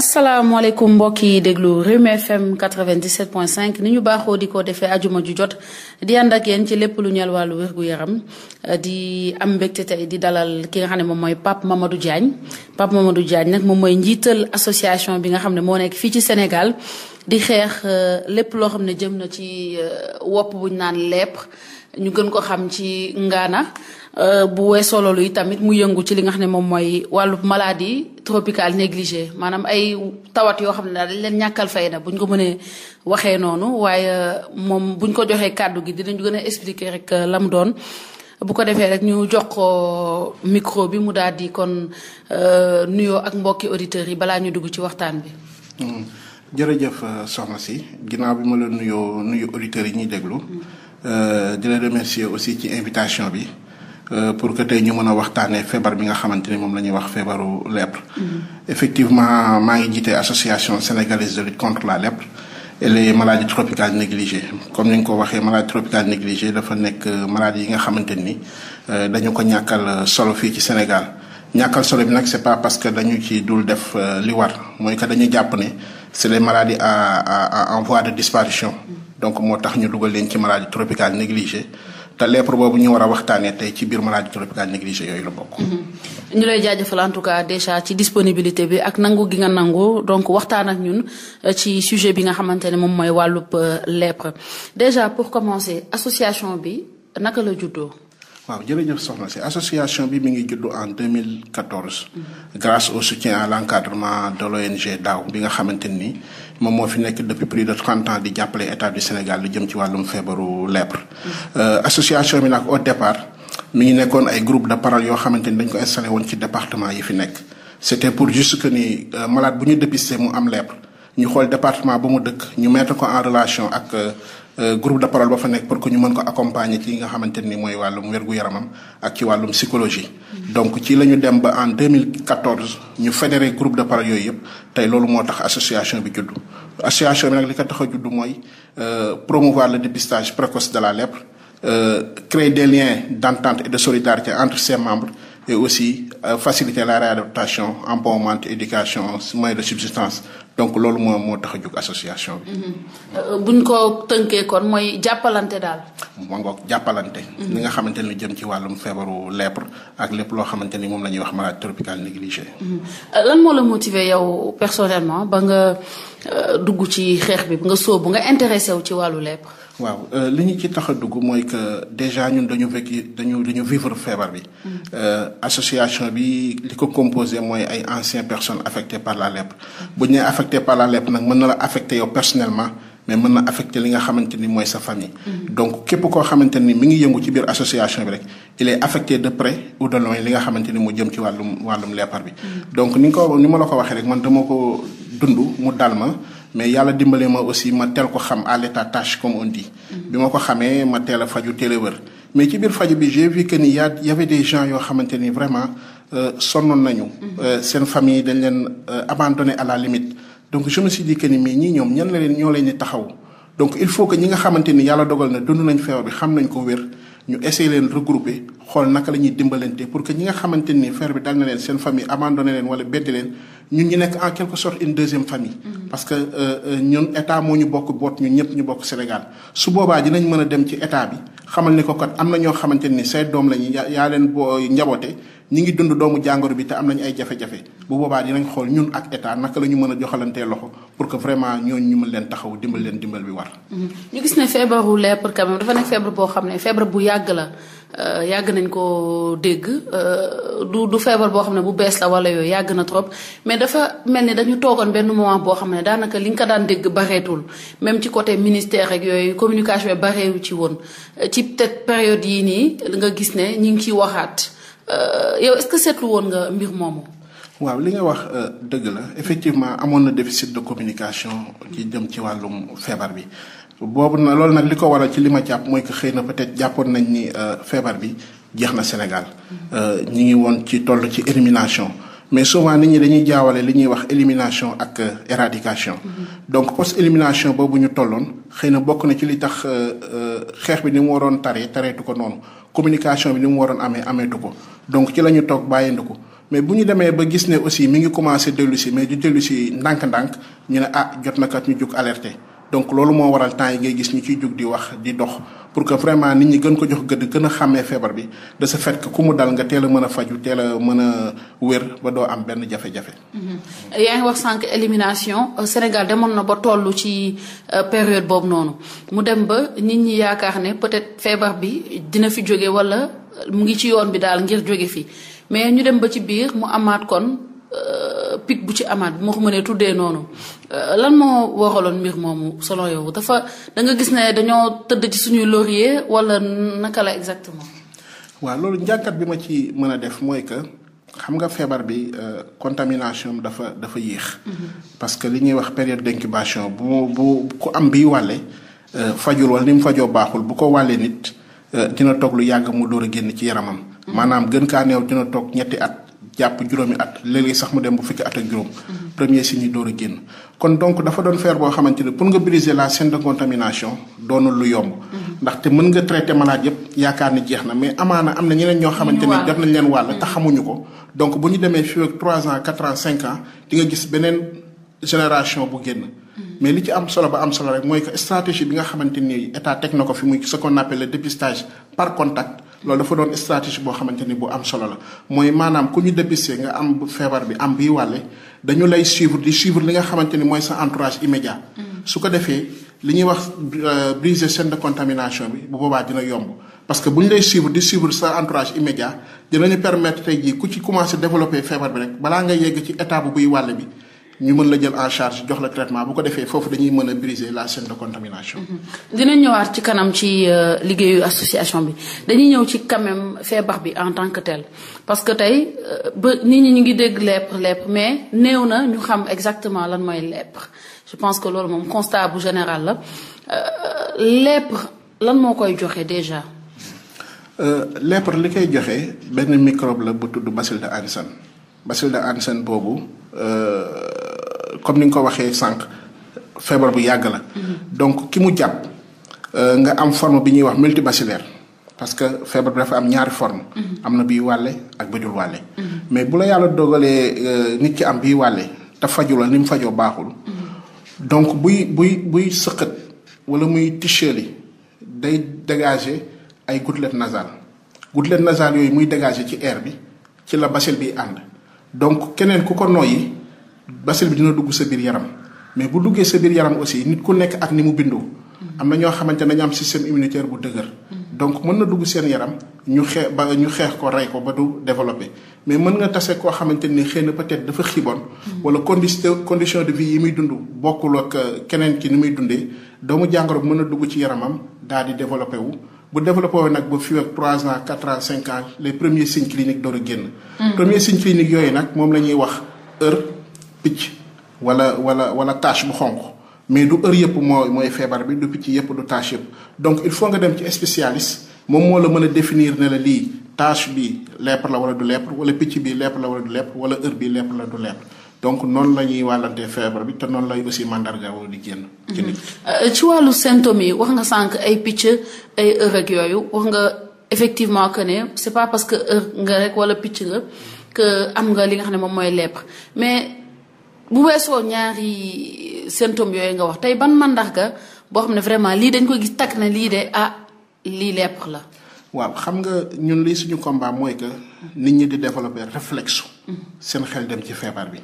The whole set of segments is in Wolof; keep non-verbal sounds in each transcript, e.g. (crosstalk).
asalaamaaleykum mbokk yi déglu Rewmi FM 97.5 ni ñu baaxoo di ko defee ajuma ju jot di ànd ak yéen ci lépp lu ñeel wàllu wér-gu-yaram eh, di am mbégte tey di dalal ki nga xam ne moom mooy Pape Mamadou Diagne Pape du jaañ nag moom mooy njiital association bi nga xam ne moo nekk fii ci Sénégal di xeex eh, lépp loo xam ne jëm na ci eh, wopp buñ naan lèpre ñu gën ko xam ci ngaana euh, bu weesoo loolu yi tamit mu yëngu ci li nga xam ne moom mooy wàllu maladie tropicale négligée maanaam ay tawat yoo xam ne daal dañ leen ñàkkal fayda buñ ko mënee waxee noonu waaye euh, moom buñ ko joxee kàddu gi dinañu gën a expliquer rek euh, la mu doon. bu ko defee rek ñu jox ko micro bi mu daal di kon nuyoo ak mbokki auditeurs yi balaa ñu dugg ci waxtaan bi. Hmm. jërëjëf soxna si ginnaaw bi ma la nuyoo nuyu auditeurs yi ñuy déglu. Hmm. Euh, di la remercier aussi ci invitation bi euh, pour que tey ñu mën a waxtaanee feebar bi nga xamante ni moom la ñuy wax feebaru lèpre. Mm-hmm. effectivement maa ngi jiite association sénégalaise de lutte contre la lèpre et les maladies tropicales comme ni nga ko waxee maladies tropicales négligées dafa nekk euh, maladies yi nga xamante ni dañu ko ñàkkal solo fii ci Sénégal ñàkkal solo bi nag c'est pas parce que dañu ci dul def li war mooy que dañu jàpp ne c'est les maladies à à en voie de disparition. donc moo tax ñu dugal leen ci maladie tropicale négligée te lèpre boobu ñu war a waxtaanee tey ci biir maladie tropicale négligée yooyu la bokk. Mhm. ñu lay jaajëfal en tout cas déjà ci disponibilité bi ak nangu gi nga nangu donc waxtaan ak ñun euh, ci sujet bi nga xamante ne moom mooy wàllu euh, lèpre déjà pour commencer association bi naka la juddoo. waaw jërëjëf soxna si association bi mi ngi juddu en 2014. grâce au soutien à l' encadrement de l' daaw bi nga xamante ni moom moo fi nekk depuis plus de trente ans di jàppale état du Sénégal lu jëm ci wàllum feebaru lèpre. Euh, association bi nag au départ mu ngi nekkoon ay groupe de parole yoo xamante ni dañ ko installé woon ci département yi fi nekk. c' était pour juste que ni euh, malade bu ñu dépisté mu am lèpre ñu xool département ba mu dëkk ñu mettre ko en relation ak. Euh, Euh, groupe de parole ba fa nekk pour que ñu mën ko accompagner ci nga xamante ni mooy wàllum wérgu yaramam ak ci wàllum psychologie. Mm-hmm. donc ci la ñu dem ba en 2014 ñu fédéré groupe de parole yooyu yëpp tey loolu moo tax association bi juddu. association bi nag li ko tax a juddu mooy euh, promouvoir le dépistage précoce de la lèpre euh, créer des liens d'entente et de solidarité entre ses membres. et aussi euh, la réadaptation, empowerment, éducation, moyens de subsistance donc loolu moo moo tax a jóg association bi. Mhm. Euh, buñ ko tënkee kon mooy jàppalante daal. moo ngoog jàppalante. Mhm. li nga xamante ni jëm ci wàllum feebaru lèpre ak lépp loo xamante ni moom la ñuy wax maladie tropicale négligée. Mhm. Euh, lan moo la motiver yow personnellement ba nga euh, dugg ci xeex bi ba nga sóobu nga intéressé wu ci wàllu lèpre. waaw euh, li ñu ci tax a dugg mooy que déjà ñun dañu fekk dañu dañu vivre feebar bi. Mm. Euh, association bi li ko composé mooy ay anciennes personne affectées par la lèpre. bu ñu nee affecté par la lèpre nag mën na la affecté yow personnellement mais mën na affecté li nga xamante ni mooy sa famille. Mm. donc képp koo xamante ni mi ngi yëngu ci biir association bi rek il est de près ou de loin li nga xamante ni mu jëm ci wàllum wàllum lèpre bi. Mm. donc ni nga ko ni ma la ko waxee rek man dama ko dund mu dal ma. mais yàlla dimbale ma aussi ma teel ko xam à l'état tâche comme on dit. Mm-hmm. bi ma ko xamee ma teel a faju teel a mais ci biir faju bi j'ai vu que ni y a y avait des gens yoo xamante ni vraiment euh, sonnoon nañu. Mm-hmm. Euh, seen famille dañ leen euh, abandonné à la donc je me suis dit que ni ñii ñoom ñan la leen ñoo leen di taxaw donc il faut que ñi nga xamante ni yàlla dogal na dund nañ feebar bi xam nañ ko wér. ñu essayer leen regrouper xool naka la ñuy dimbalante pour que ñi nga xamante ni feer bi dal na leen seen famille abandonné leen wala beddi leen ñun ñu nekk en quelque sorte une deuxième famille. Mm-hmm. parce que euh, euh, ñun état moo ñu bokk boot ñu ñëpp ñu bokk Sénégal su boobaa dinañ mën a dem ci état bi xamal ni ko kat am na ñoo xamante ni say doom lañu yaa leen boo njaboote ñi ngi dund doomu jàngoro bi te am nañu ay jafe-jafe bu boobaa dinañ xool ñun ak état naka la ñu mën a joxalantee loxo pour que vraiment ñooñu ñu mën leen taxaw dimbal leen dimbal bi war. ñu gis ne feebaru lèpre quand même dafa nekk feebar boo xam ne bu yàgg la euh, yàgg nañ ko dégg euh, du du feebar boo xam ne bu bees la wala yooyu yàgg na trop mais dafa mel ni dañu toogoon benn moment boo xam ne daanaka li nga ko daan dégg bareetul même ci côté ministère ak yooyu communication bareewu ci woon euh, ci peut période yii nii nga gis ne ñu ngi ciy waxaat. Euh, yow est-ce que seetlu woon nga mbir moom waaw li nga wax euh, dëgg la effectivement amoon na déficit de communication ci jëm ci wàllum feebar bi boobu na loolu nag li ko waral ci li ma jàpp mooy que xëy na peut-être jàppoon nañ ni euh, feebar bi jeex na Sénégal mm-hmm. ñi ngi woon ci toll ci élimination mais souvent nit ñi dañuy jaawale li ñuy wax élimination ak éradication mm-hmm. donc post élimination boobu ñu tolloon xëy na bokk na ci li tax xeex bi ni mu waroon taree tareetu ko noonu communication bi ni mu waroon amee ameetu ko donc ci la ñu bàyyi bàyyandi ko mais bu ñu demee ba gis ne aussi mi ngi commencé dellu si mais du dellu si ndànk-ndànk ñu ne ah jot na kat ñu jug alerter. donc loolu moo waral temps yi ngay gis ñu ciy jug di wax di dox pour que vraiment nit ñi gën ko jox gëdd gën a xàmmee feebar bi de ce fait ku mu dal nga teel a mën a faju teel a mën a wér ba doo am benn jafe-jafe. Mm-hmm. yaa ngi wax sànq élimination euh, Sénégal demoon na ba toll ci euh, période boobu noonu mu dem ba nit ñi yaakaar ne peut-être feebar bi dina fi jóge walla mu ngi ci yoon bi daal ngir jóge fi mais ñu dem ba ci biir mu amaat kon. Euh, pic bu ci amaat bu ma ko mënee tuddee noonu euh, lan moo waraloon mbir moomu solon yow dafa da nga gis ne dañoo tëdd ci suñuy laurier wala naka la exactement. waa loolu njàngat bi ma ci mën a def mooy que xam nga feebar bi euh, contamination dafa dafa yéex. Mm-hmm. parce que li ñuy wax période d'incubation bu bu ku am bi wàlle fajul wala ni mu fajoo baaxul bu ko wàlle nit dina toog lu yàgg mu door a génn ci yaramam. Mm-hmm. maanaam gën kaa neew dina toog ñetti at. jàpp juróomi at léeg-léeg sax mu dem bu fukki at ak juróom. premier si ñi door a génn. kon donc dafa doon faire boo xamante ne pour nga briser la chaîne de contamination doonul lu yomb. ndaxte mën nga traiter malade yëpp yaakaar ni jeex na mais amaana am na ñeneen ñoo xamante ne jot nañ leen wàll te mm-hmm. xamuñu ko. donc bu ñu demee fii ak 3 ans 4 ans 5 ans di nga gis beneen génération bu génn. Mm-hmm. mais li ci am solo ba am solo rek mooy que stratégie bi nga xamante ni état teg na ko fi muy ce qu'on appelle le dépistage par contact. loolu dafa doon stratégie boo xamante ni boo am solo la mooy maanaam ku ñu dépisté nga am feebar bi am bii wàlle dañu lay suivre di suivre li nga xamante ni mooy sa entourage immédiat. Mm. su ko defee li ñuy wax euh, briser chaîne de contamination bi bu boobaa dina yomb. parce que bu ñu lay suivre di suivre sa entourage immédiat dinañu permettre tey jii ku ci commencé développer feebar bi rek balaa nga yegg ci état bu buy wàlle bi. ñu mën la jël en charge jox la traitement bu ko defee foofu dañuy mën a briser la chaîne de contamination. Mm-hmm. dina ñëwaat ci kanam ci euh, liggéeyu association bi dañuy ñëw ci quand même feebar bi en tant que tel parce que tey euh, ba nit ñi ñu ngi dégg lèpre lèpre mais néew na ñu xam exactement lan mooy lèpre je pense que loolu moom constat bu général la euh, lèpre lan moo koy joxe déjà. lèpre li koy joxe benn microbe la bu tudd bacille de Hansen bacille de Hansen boobu. comme ni nga ko waxee sànq feebar bu yàgg la. donc ki mu jàpp euh, nga am forme bi ñuy wax multibacillaire parce que feebar bi dafa am ñaari forme am na bii wàlle ak bi dul wàlle. mais bu la yàlla dogalee euh, nit ki am bii wàlle te faju la ni mu fajoo baaxul. donc buy buy buy sëqat wala muy ticheeli day dégager ay gouttelettes nasales gouttelettes nasales yooyu muy dégager ci air bi ci la bacille bi ànd donc keneen ku ko noyyi bacille bi dina dugg sa biir yaram mais bu duggee sa biir yaram aussi nit ku nekk ak ni mu bindoo am na ñoo xamante nañu am système immunitaire bu dëgër donc mën na dugg seen yaram ñu xee ba ñu xeex ko rey ko ba du développé mais mën nga tase koo xamante ni xëy na peut-être dafa xiboon wala condition condition de vie yi muy dund bokkul ak euh, keneen ki ni muy dundee doomu jàngoro bi mën na dugg ci yaramam daal di développé wu bu développé wu nag ba fii ak 3 ans 4 ans 5 ans les premiers signes cliniques door a génn hmm. premier signe yooyu nag moom la ñuy wax heure picc wala wala wala tache bu xonq mais du heure yëpp moo mooy feebar bi du picc yëpp du tache yëpp donc il faut nga dem ci spécialiste moom moo la mën a définir ne lii tache bi lèpre la wala du lèpre wala picc bi lèpre la wala du wala heure bi lèpre la du lèpre donc noonu la ñuy wàllante feebar bi te noonu lay aussi mandarga woo di génn. ci nit euh, wàllu symptômes yi wax nga sànq ay picc ay heure yooyu wax nga effectivement que ne c'est parce que heure wala picc nga am nga li nga xam ne moom mooy lèpre mais. bu weesoo ñaari symptômes yooyu nga wax tey ban mandarga boo xam ne vraiment lii dañ ko gis takk ne lii de ah lii lèpre la. waaw xam nga ñun lii suñu combat mooy que nit ñi di développer réflexe. seen xel dem ci feebar bi.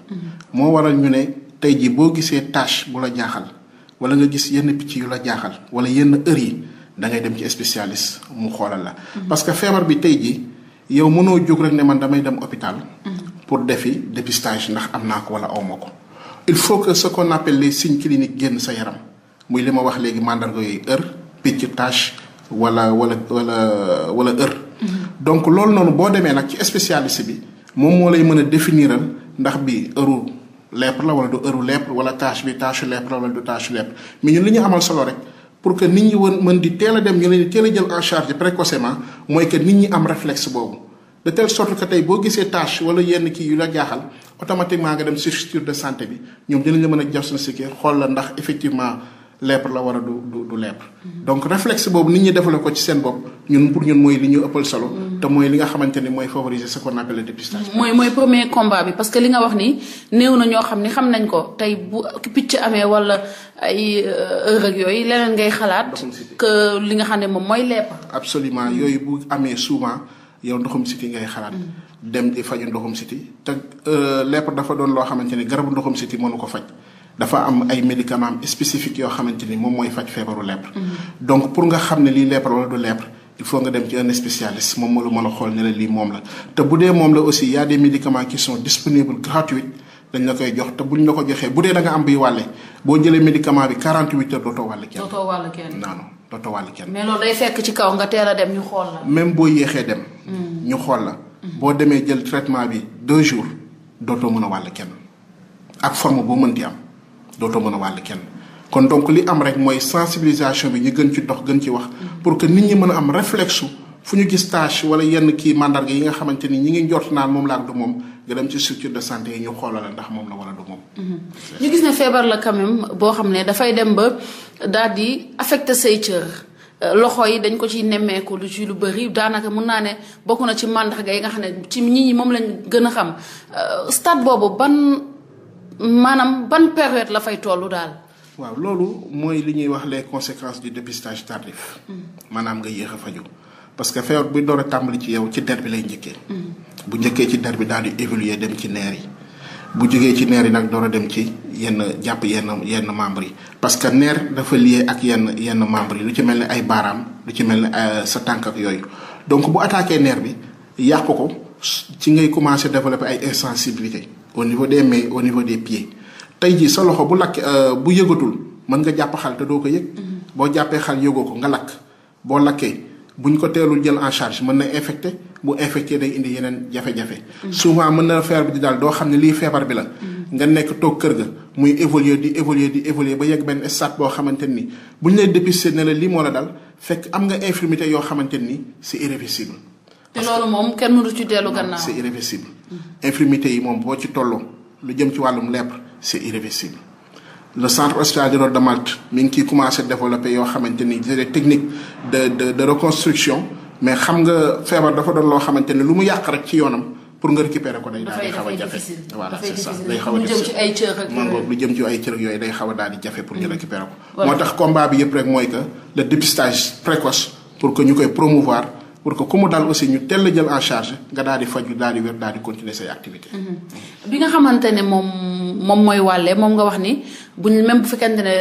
moo waral ñu ne tey jii boo gisee tâche bu la jaaxal wala nga gis yenn picc yu la jaaxal wala yenn heure yi da ngay dem ci spécialiste mu xoolal la. Mm-hmm. parce que feebar bi tey jii yow mënoo jóg rek ne man damay dem hôpital. Mm-hmm. pour defi dépistage ndax am naa ko wala aw ma ko il faut que ce qu'on appelle les signes cliniques génn sa yaram muy li ma wax léegi mandarga yi heure picc tache wala wala wala wala heure. Mm-hmm. donc loolu noonu boo demee nag ci spécialiste bi moom moo lay mën a définiral ndax bi heure lèpre la wala du heure lèpre wala tache bi tache lèpre la wala du tache lèpre mais ñun li ñu amal solo rek. pour que nit ñi wën mën di teel a dem ñu leen di teel a jël en charge précocement mooy que nit ñi am réflexe boobu de telle sorte que tey boo gisee tâche wala yenn kii yu la jaaxal maa nga dem structure de santé bi ñoom dinañ la mën a diagnostiquer xool la ndax effectivement lèpre la war a du du du mm-hmm. donc réflexe boobu nit ñi développé ko ci seen bopp ñun pour ñun mooy li ñu ëppal solo. Mm-hmm. te mooy li nga xamante ni mooy favoriser ce qu'on appelle le dépistage. mooy mooy premier combat bi parce que li nga wax ni néew na ñoo xam ni xam nañ ko tey bu picc amee wala ay euh, heure ak yooyu leneen ngay xalaat. que li nga xam ne moom mooy lèpre. absolument yooyu bu amee souvent. yow ndoxum siti ngay xalaat. Mm. dem di faju ndoxum siti te euh, lépp dafa doon loo xamante ni garabu ndoxum siti mënu ko faj. dafa am ay médicament spécifique yoo xamante ni moom mooy faj feebaru lèpre mm-hmm. donc pour nga xam ne lii lèpre wala du lèpre il faut nga dem ci un spécialiste moom lu ma la xool ne lii moom la te bu dee moom la aussi y a des médicaments qui sont disponibles gratuits dañ la koy jox te buñ la ko joxee bu dee da nga am bi wàlle boo jëlee médicament bi 48 heures dootoo wàlle kenn. dootoo wàlle doo tawal kenn. mais loolu day fekk ci kaw a dem ñu xool la. même boo yéexee dem. Hmm. ñu xool la. boo demee jël traitement bi deux jours dootoo mën a wàll kenn ak forme boo mën mënti am dooto mën a wàll kenn kon donc li am rek mooy sensibilisation bi ñu gën ci dox gën ci wax. Hmm. pour que nit ñi mën a am réflexe fu ñu gis tâche wala yenn kii mandarga yi nga xamante ni ñi ngi njort naan moom la ak du moom nga dem ci structure de santé yi ñu xoolal ndax moom la wala du moom. Hmm. ñu gis ne feebar la quand même boo xam ne dem ba. daal di affecté say cër. Euh, loxo yi dañ ko ci nemmeeku lu ci lu bëri daanaka mun naa ne bokk na ci màndarga yi nga xam ne ci nit ñi moom lañ gën a xam euh, stade boobu ban maanaam ban période la fay tollu daal. waaw loolu mooy li ñuy wax les conséquence du dépistage tardif. Mm. maanaam nga yéex a faju parce que feebar buy door a tàmbali ci yow ci der bi lay njëkkee. Mm. bu njëkkee ci der bi daal di évoluer dem ci neer yi. bu jógee ci neer yi nag door a dem ci yenn jàpp yenn yenn membre yi parce que neer dafa lié ak yenn yenn membre yi lu ci mel ni ay baaraam lu ci mel ne euh, sa tànk ak yooyu donc bu attaqué neer bi yàq ko ci ngay commencé développer ay insensibilité au niveau des mains au niveau des pieds tey jii sa loxo bu lakk euh, bu yëgatul mën nga jàpp xal te doo ko yëg mm-hmm. boo jàppee xal yëgoo ko nga lakk boo lakkee bu ñu ko teelul jël en charge mën na infecté bu infecté day indi yeneen jafe-jafe. souvent mën na feebar bi di daal doo xam ne lii feebar bi la. nga nekk toog kër ga muy évoluer di évoluer di évoluer ba yegg benn stade boo xamante ni bu ñu lay dépister ne la lii moo la dal fekk am nga infirmité yoo xamante nii c'est irréversible. te loolu moom kenn nu ci dellu gannaaw. c'est irréversible. infirmité yi moom boo ci tolloo lu jëm ci wàllum lèpre c'est irréversible. le centre hospitalier Rod de Malte mi ngi ciy commencé développé yoo xamante ni des techniques de de de reconstruction mais xam nga feebar dafa doon loo xamante ne lu mu yàq rek ci yoonam pour nga récupérer ko day daal di xaw a jafe voilà c'est ça day xaw a jafe mangoog lu jëm ci ay cër yooyu day xaw daal di jafe pour ñu mm-hmm. récupérer ko moo tax combat bi yëpp rek mooy que le dépistage précoce pour que ñu koy promouvoir pour que ku mu dal aussi ñu teel la jël en charge nga daal di faju daal di wér daal di continuer say activité mhm. bi nga xamante ne moom moom mooy wàlle moom nga wax ni bu ñu même bu fekkente ne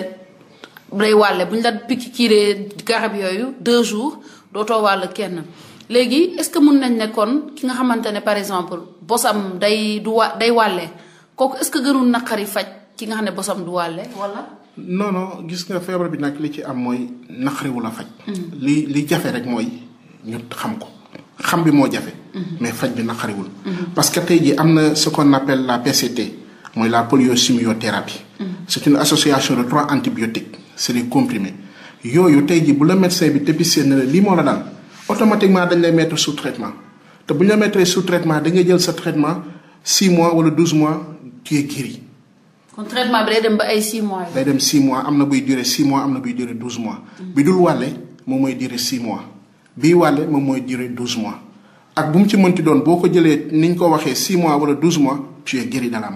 day wàlle bu ñu la piqûre garab yooyu deux jours dootoo wàll kenn léegi est-ce que mun nañ nekkoon ki nga xamante ne par exemple bosam day du wa day wàlle kooku est-ce que gënul naqari faj ki nga xam ne bosam du wàlle walla non gis nga feebar bi nag li ci am mooy naqariwu la faj mhm. li li jafe rek mooy ñu xam ko xam bi moo jafe. mais faj bi naqariwul. parce que tey jii am na ce qu'on appelle la PCT mooy la poliochimiothérapie. c'est une association de trois antibiotiques c'est des comprimés yooyu tey jii bu la médecin bi dépisté na lii moo la daal automatiquement dañ lay mettre sous traitement te bu ñu la mettre sous traitement da ngay jël sa traitement 6 mois wala 12 mois tu es yi kon traitement bi day dem ba ay 6 mois. day dem buy durer 6 am na buy durer 12 mois. bi dul wàlle moom mois. bii wàlle moom mooy durée douze mois ak bu mu ci mënti doon boo ko jëlee ni ñu ko waxee six mois wala douze mois tu es guéri de la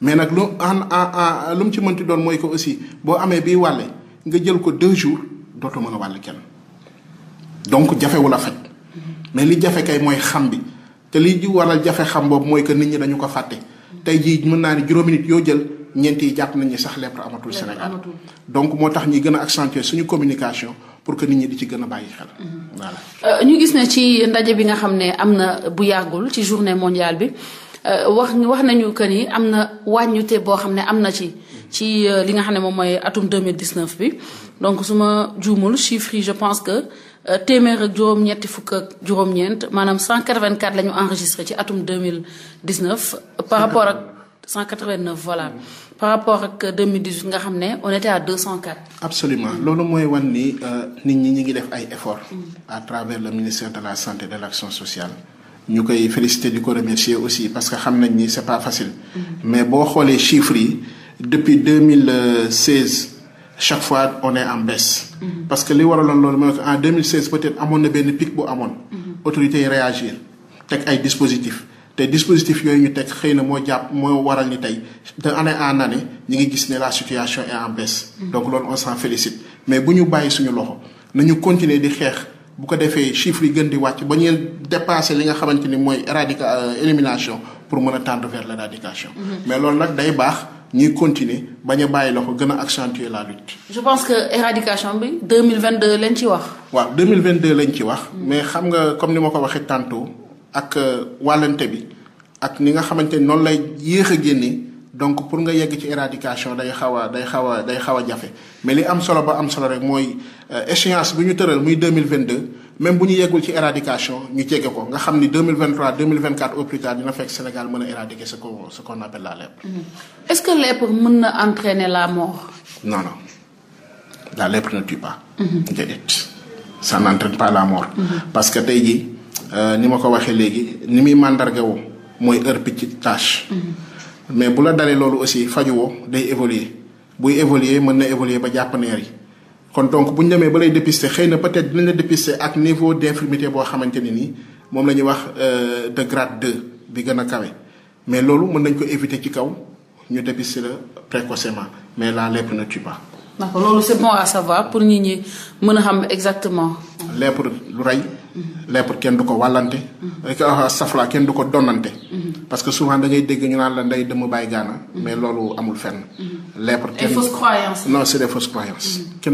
mais nag lu en lu mu ci mënti doon mooy ko aussi boo amee bii wàlle nga jël ko deux jours dootoo mën a wàll kenn donc jafewu la faj mais li jafe kay mooy xam bi te li waral jafe xam boobu mooy que nit ñi dañu ko fàtte tey jii mën naa ne juróom nit yoo jël ñeenti yi jàpp nañu sax lèpre amatul Sénégal donc moo tax ñuy gën a accentuer suñu communication pour que nit ñi di ci gën a bàyyi xel. voilà euh, ñu gis ne ci ndaje bi nga xam ne am na bu yàggul ci journée mondiale bi euh, wax wax nañu que ni am na wàññute boo xam ne am na ci. ci euh, li nga xam ne moom mooy atum 2019 bi donc su ma juumul chiffres yi je pense que téeméer ak juróom-ñetti fukk ak juróom-ñeent maanaam 184 la ñu enregistré ci atum 2019. par rapport ak. 189 voilà par rapport ak 2018 nga xam ne on était à 204. absolument loolu mooy wan ni euh, nit ñi ñi ngi def ay efforts. à travers le ministère de la santé et de l' action sociale. ñu koy félicité di ko remercier aussi parce que xam nañ ni c' est pas facile. Mm-hmm. mais boo xoolee chiffres yi depuis 2016 chaque fois on est en baisse. Mm-hmm. parce que li waraloon loolu mooy en 2016 peut-être amoon na benn pic bu amoon. Mm-hmm. autorités yi réagir teg ay dispositifs. te dispositif yooyu ñu teg xëy na moo jàpp moo waral ni tey de année en année ñu ngi gis ne la situation est en baisse. Mm. donc loolu on s'en félicite mais bu ñu bàyyi suñu loxo nañu continuer di xeex bu ko defee chiffres yi gën di wàcc ba ñuy dépasser li nga xamante ni mooy éradica euh, élimination pour mën a tendre vers l'éradication. Mm-hmm. mais loolu nag day baax. ñuy continuer bañ a bàyyi loxo gën a accentuer la lutte. je pense que éradication bi 2022 lañ ci wax. waaw 2022 lañ ci wax. Mm. mais xam nga comme ni ma ko waxee tantôt. ak euh, wàllante bi ak ni nga xamante ni noonu lay yéex a génnee donc pour nga yegg ci éradication day xaw a day xaw a day xaw a jafe mais li am solo ba am solo rek mooy euh, échéance bi ñu tëral muy 2022 même bu ñu yeggul ci éradication ñu jege ko nga xam ni 2023 2024 au plus tard dina fekk Sénégal mën a éradiquer ce qu'on ce qu'on appelle la lèpre. Mm-hmm. est-ce que lèpre mën na entraîner la mort. non non la lèpre ne tue pas. Mm-hmm. déedéet pas la mort. Mm-hmm. parce que tey Euh, ni ma ko waxee léegi ni muy màndarga woo mooy heure picc tâche. Mm-hmm. mais bu la dalee loolu aussi faju woo day évoluer buy évoluer mën na évoluer ba jàpp neer yi kon donc bu ñu demee ba lay dépister xëy na peut-être dinañ la dépister ak niveau d'infirmité boo xamante ni nii moom la ñuy wax euh, de grade de bi gën a kawe mais loolu mën nañ ko éviter ci kaw ñu dépister la précocement mais la lèpre na tue pas. d'accord loolu c'est bon à savoir pour ñu ñi mën a xam exactement. lèpre lu rey. lèpre kenn du ko wàllante rek mm-hmm. euh, ah, safla kenn du ko donnante mm-hmm. parce que souvent da ngay dégg ñu naan la ndey dama bàyyi gaana mm-hmm. mais loolu amul fenn lèpre kenn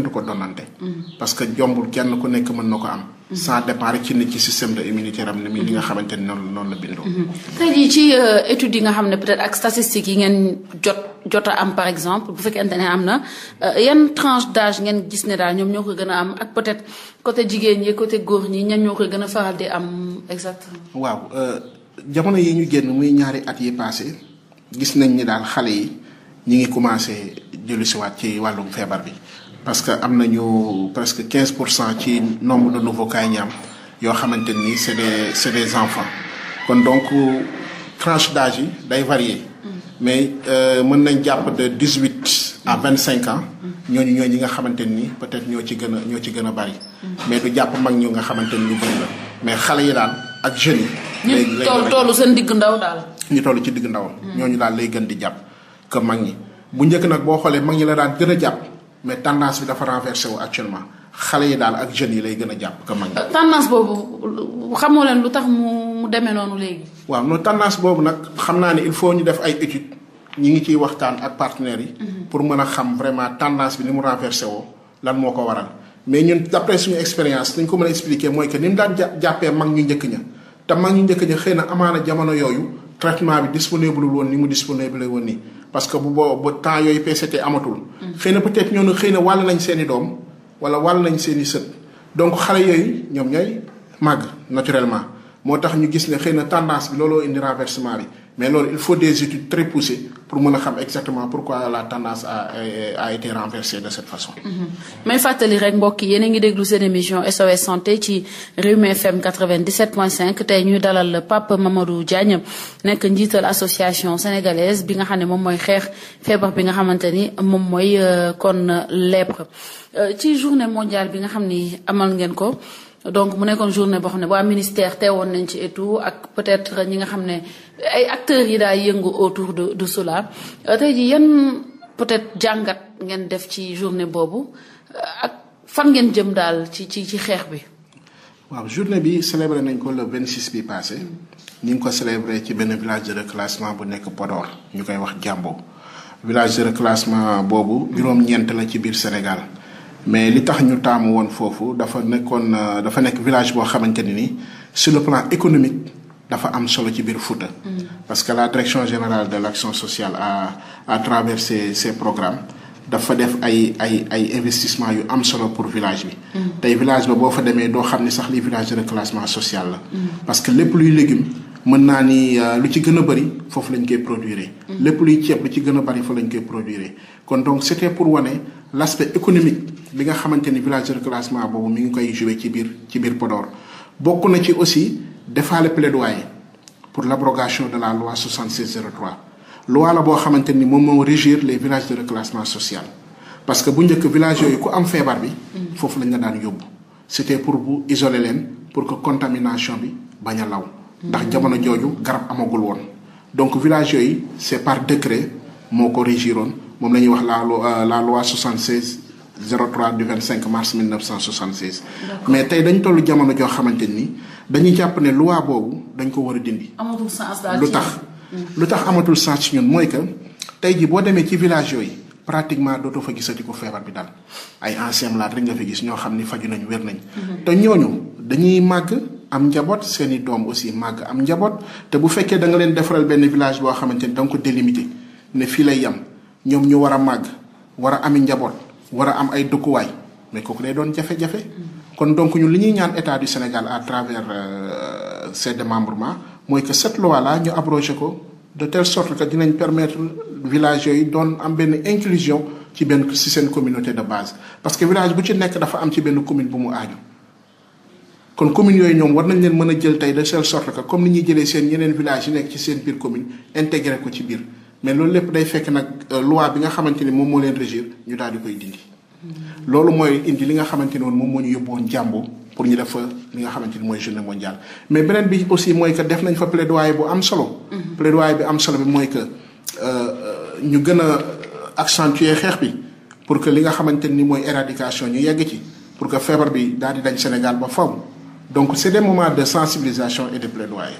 du ko donnante parce que jombul kenn ku nekk mën na ko am sans départ ci nit ci système de immunitaire am ni mi li nga xamante noonu la bindoo tey ci euh, études nga xam ne peut ak statistiques yi ngeen jot jot a am par exemple bu fekkente ne am na euh, yan tranche d'âge ngeen gis ne daal ñoom ñoo ko gën a am ak peut-être côté jigéen ñi côté góor ñi ñan ñoo ko gën a faral di am exactement. waaw euh, jamono yi ñu génn muy ñaari at yi passé gis nañ ni daal xale yi ñu ngi commencé dellusiwaat ci wàllum feebar bi parce que am nañu presque quinze pour cent ci nombre de nouveaux cas ñi am yoo xamante ni c'est des c'est des enfants kon donc tranche d'âge yi day varier. mais euh, mën nañ jàpp de dix huit à vingt cinq ans ñooñu ñooñu ñi nga xamante nii peut-être ñoo ci gën a ñoo ci gën a bari. mais du jàpp mag ñu nga xamante ni ñu mais xale yi daal ak jeunes yi. léegi lay tollu seen digg ndaw daal. ñu toll ci digg ndawam. ñooñu daal lay gën di jàpp que mag ñi bu njëkk nag boo xoolee mag ñi la daan gën a jàpp mais tendance bi dafa renversé wu actuellement xale yi daal ak jeunes yi lay gën a jàpp que mag ñi. tendance boobu xamoo leen lu tax mu mu demee noonu léegi. waaw no tendance boobu nag xam naa ni il faut ñu def ay études ñu ngi ciy waxtaan ak partenaires yi. Mhm. pour mën a xam vraiment tendance bi ni mu renversé woo lan moo ko waral. mais ñun d'après suñu expérience dañ ko mën a mooy que ni mu daan jàppee mag ñu njëkk ña te mag ñu njëkk ña xëy na amaana jamono yooyu traitement bi disponible woon ni mu disponible woon nii. parce que bu boo ba temps yooyu PCT amatul. Mhm. xëy na peut-être ñooñu xëy na wàll nañ seeni doom wala wàll nañ seeni sët donc xale yooyu ñoom ñooy màgg naturellement. moo tax ñu gis ne xëy na tendance bi looloo indi renversement mais loolu il faut des études très poussées pour mën a xam exactement pourquoi la tendance a a été renversée de cette façon. Mm-hmm. may fàttali rek mbokk yéen a ngi déglu seen émission SOS santé ci Rewmi FM 97.5 tey ñuy dalal Pape Mamadou Diagne nekk njiital association sénégalaise bi nga xam ne moom mooy xeex feebar bi nga xamante ni moom mooy euh, kon lèpre euh, ci journée mondiale bi nga xam ni amal ngeen ko. donc mu nekkoon journée boo xam ne waa ministère teewoon nañ ci et tout ak peut-être ñi nga xam ne ay acteurs yi daay yëngu autour de de cela euh, yi ji yan peut-être jàngat ngeen def ci journée boobu euh, ak fan ngeen jëm daal ci ci ci xeex bi. waaw journée bi célébré nañ ko la le 26 bi passé ñu ngi ko célébré ci benn village de reclassement bu nekk Podor ñu koy wax jàmboo village de reclassement boobu juróom-ñeent la ci biir Sénégal. mais li tax ñu taamu woon foofu dafa nekkoon euh, dafa nekk village boo xamante ne ni su le plan économique dafa am solo ci biir Fouta. Mm. parce que la direction générale de l'action sociale à à travers ces ces dafa def ay ay ay investissement yu am solo pour village bi. Mm. tey village ba boo fa demee doo xam ni sax li village de reclassement social la. Mm. parce que lépp luy légume mën naa ni euh, lu ci gën a bari foofu lañ koy produire. lépp luy ceeb lu ci gën a bari fa lañ koy produire kon donc c'était pour wane. l' aspect économique bi nga xamante ni village de reclassement boobu mi ngi koy joué ci biir ci biir Podor bokk na ci aussi defaale plaidoyer pour l' abrogation de la loi 6603 loi la boo xamante ni moom moo régir les villages de reclassement social parce que bu njëkk village yooyu ku am feebar bi foofu lañu la daan yóbbu c' pour bu isoler leen pour que contamination bi bañ a law ndax jamono jooju garab amagul woon donc village yooyu c' est par décret moo ko régiroon moom la ñuy wax la loi euh, la loi 76 03 du 25 mars 1976. mais tey dañ tollu jamono joo xamante ni dañuy jàpp ne luwaa boobu dañ ko war a dindi. amatul sens lu tax lu tax amatul sens ci ñun mooy que tey jii boo demee ci village yooyu pratiquement dootu fa gisati ko feebar bi daal ay anciens malades rek nga fa gis ñoo xam ni faju nañ wér nañ. Mhm. te ñooñu dañuy màgg. am njaboot seen i doom aussi màgg am njaboot te bu fekkee danga leen defaral benn village boo xamante ni da nga ko délimité ne fii lay yam ñoom ñu war a màgg war a ami njaboot war a am ay dëkkuwaay mais kooku day doon jafe-jafe. kon donc ñu li ñuy ñaan état du Sénégal à travers membre euh, démembrements mooy que cette loi là ñu abrogé ko de telle sorte que dinañ permettre village yooyu doon am benn inclusion ci benn ci seen communauté de base parce dafa am ci benn commune bu mu aaju. kon commune yooyu ñoom war nañ leen mën a jël tey de telle sorte que comme ni ñuy jëlee seen yeneen village yi nekk ci seen biir commune intégré ko ci biir. mais loolu lépp day fekk nag euh, loi bi nga xamante ni moom moo leen régir ñu daal di koy dindi. loolu mooy indi li nga xamante ni woon moom moo ñu yóbboon jàmbo pour ñu def fa li nga xamante ni mooy journée mondiale. mais beneen bi aussi mooy que def nañ fa plaidoyer bu am solo. Mm-hmm. plaidoyer bi am solo bi mooy que euh, ñu gën a accentuer xeex bi pour que li nga xamante ni mooy éradication ñu yegg ci pour que feebar bi daal di dañ Sénégal ba faaw. donc c' est des de sensibilisation et de plaidoyer.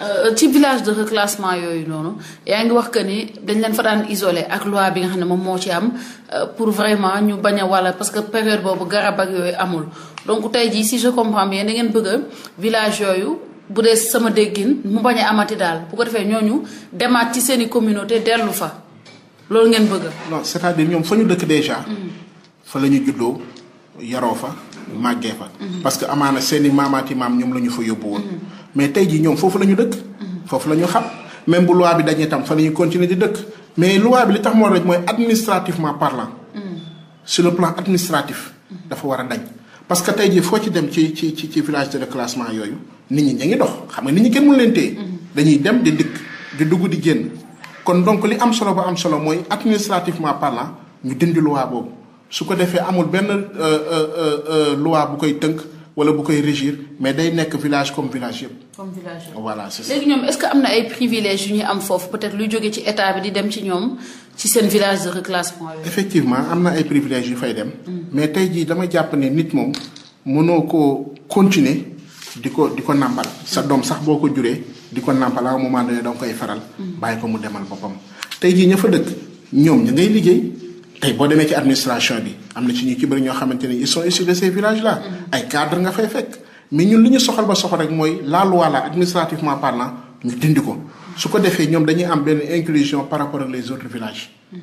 Euh, ci village de reclassement yooyu noonu yaa ngi wax que ni dañ leen fa daan isolé ak loi bi nga xam ne moom moo ci am euh, pour vraiment ñu bañ a walla parce que période boobu garab ak yooyu amul donc tey jii si je comprends bien da ngeen bëgg a village yooyu bu dee sama déggin mu bañ amati daal bu ko defee ñooñu demaat ci seen i communauté dellu fa loolu ngeen bëgg. non c' à dire ñoom fa ñu dëkk déjà. Mm. la ñu juddoo yaroo fa. màggee fa. parce que amaana seen i maamaati maam ñoom la ñu fa yóbbu woon. mais tey jii ñoom foofu la ñu dëkk. foofu la ñu xam même bu loi bi dañuy tam fa la ñuy continuer di dëkk mais loi bi li tax moo daj mooy administrativement parlant. sur le plan administratif. dafa war a dañ. parce que tey jii foo ci dem ci ci ci ci village de yooyu nit ñi ña ngi dox xam nga nit ñi kenn mënu dañuy dem di dikk di dugg di génn kon donc li am solo ba am solo mooy administrativement parlant ñu dindi loi boobu. su ko defee amul benn euh, euh, euh, loi bu koy tënk wala bu koy régir mais day nekk village comme village yëpp. comme village yëpp voilà léegi ñoom est-ce que am na ay privilèges yu ñuy am foofu peut-être luy jóge ci état bi di dem ci ñoom ci seen village de reclassement yooyu. effectivement am na ay privilèges yu fay dem. Mm. mais tey jii dama jàpp ne nit moom mënoo ko continuer di ko di ko nàmpal. sa mm. doom sax boo ko juree di ko nàmpal à un moment donné da koy faral. Mm. bàyyi ko mu demal boppam. tey jii ña fa dëkk ñoom ña ngay liggéey. tey boo demee ci administration bi am na ci ñu ci ñoo xamante ni ils sont issus de ces villages là. Mm-hmm. ay cadres nga fay fekk. mais ñun li ñu soxal ba soxal rek mooy la loi là administrativement parlant ñu dindi ko su ko defee ñoom dañuy am benn inclusion par rapport ak les autres villages. Mm-hmm.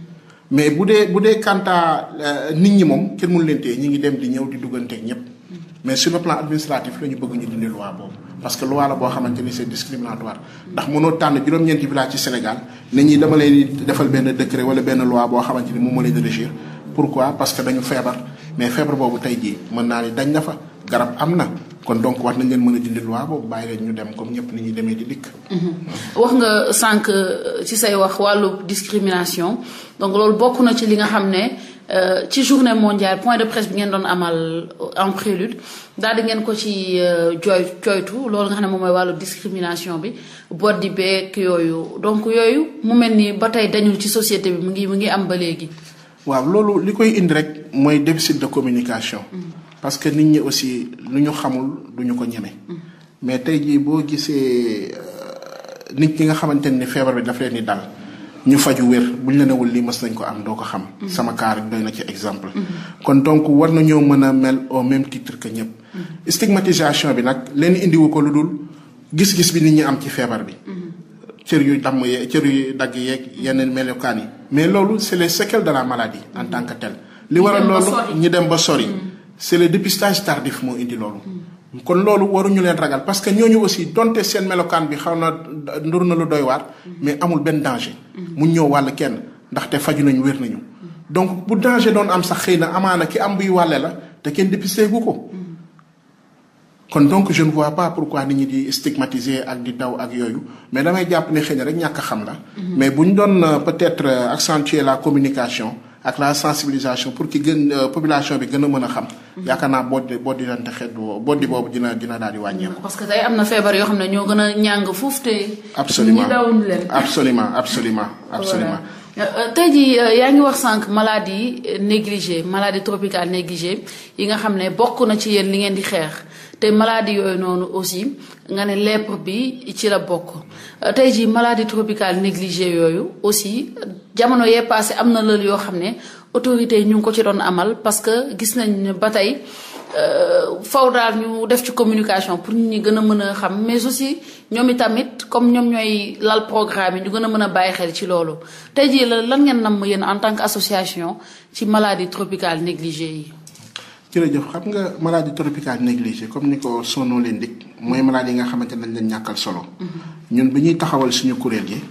mais bu dee bu dee quant euh, nit ñi moom kenn mun leen tee ñi ngi dem di ñëw di dugganteeg ñëpp. Mm-hmm. mais sur le plan administratif la ñu bëgg ñu dindi loi boobu parce que loi la boo xamante ni c'est discriminatoire ndax mënoo tànn juróom-ñeenti village ci Sénégal nit ñi dama defal benn décret wala benn loi boo xamante ni moom moo leen di régir pourquoi parce que dañu feebar mais feebar boobu tey jii mën naa ni dañ na fa garab am na kon donc war nañ leen mën a dindi loi boobu bàyyi leen ñu dem comme ñëpp ni ñuy demee di dikk. Mm-hmm. wax nga sànq ci say wax wàllu discrimination donc loolu bokk na ci li nga xam ne Euh, ci journée mondiale point de presse bi ngeen doon amal en prélude daal di ngeen ko ci euh, jooy jooytu loolu nga xam ne moom mooy wàllu discrimination bi boor di beeg yooyu donc yooyu mu mel ni ba tey dañu ci société bi mu ngi mu ngi am ba léegi. waaw loolu li koy indi rek mooy déficit de communication. Mm-hmm. parce que nit ñi aussi lu ñu xamul du ñu ko ñeme. Mm-hmm. mais tey jii boo gisee euh, nit ñi nga xamante ni feebar bi daf leen di dal. ñu faju wér ñu la newul lii mës nañ ko am doo ko xam. Mhm. sama cas rek doy na ci exemple. Mhm. kon donc war na nañoo mën a mel au même titre que ñëpp. Mhm. stigmatisation bi nag leen indiwu ko lu dul gis-gis bi nit ñi am ci feebar bi. cër yu damm yee cër yu dagg yeeg yeneen melokaan yi mais loolu c' est les séquelles de la maladie en tant que tel. li waral loolu ñu dem ba sori. c' est le dépistage tardif moo indi loolu. kon loolu waruñu leen ragal parce que ñooñu aussi donte seen melokaan bi xaw na ndur na lu doy waar mais amul benn danger. mu ñëw wàll kenn ndaxte faju nañu wér nañu. donc bu danger doon am sax xëy na amaana ki am buy wàlle la te kenn dépisté gu ko. kon donc je ne vois pas pourquoi nit ñi di stigmatiser ak di daw ak yooyu mais damay jàpp ne xëy na rek ñàkk xam la. Mhm. mais bu ñu doon euh, peut-être euh, accentuer la communication. ak la sensibilisation pour ki gën euh, population bi gën a mën a xam. Mhm. yaakaar naa boo di boo di dante xeet boo di boobu dina dina daal di wàññeeku. parce que tey am na feebar yoo xam ne ñoo gën a ñàng foofu te. absolument ñi dawul leen. absolument absolument (laughs) absolument. Euh, euh, tey jii yaa ngi wax sànq maladie négligée maladie tropicale négligée yi nga xam ne bokk na ci yéen li ngeen di xeex. te maladie yooyu noonu aussi nga ne lèpre bi ci la bokk tey jii maladie tropicale négligée yooyu aussi jamono yee passé am na lël yoo xam ne autorité yi ñu ngi ko ci doon amal parce que gis nañ ne ba tey euh, faw daal ñu def ci communication pour ñu ñi gën a mën a xam mais aussi ñoom itamit comme ñoom ñooy lal programme yi ñu gën a mën a bàyyi xel ci loolu tey jii la lan ngeen nam yéen en tant que association ci maladie tropicale négligée yi ci jërëjëf xam nga maladie tropicale négligée comme ni ko son leen l'indique mooy maladie yi nga xamante ne dañ leen ñàkkal solo. Mm-hmm. ñun bi ñuy taxawal suñu kuréel gi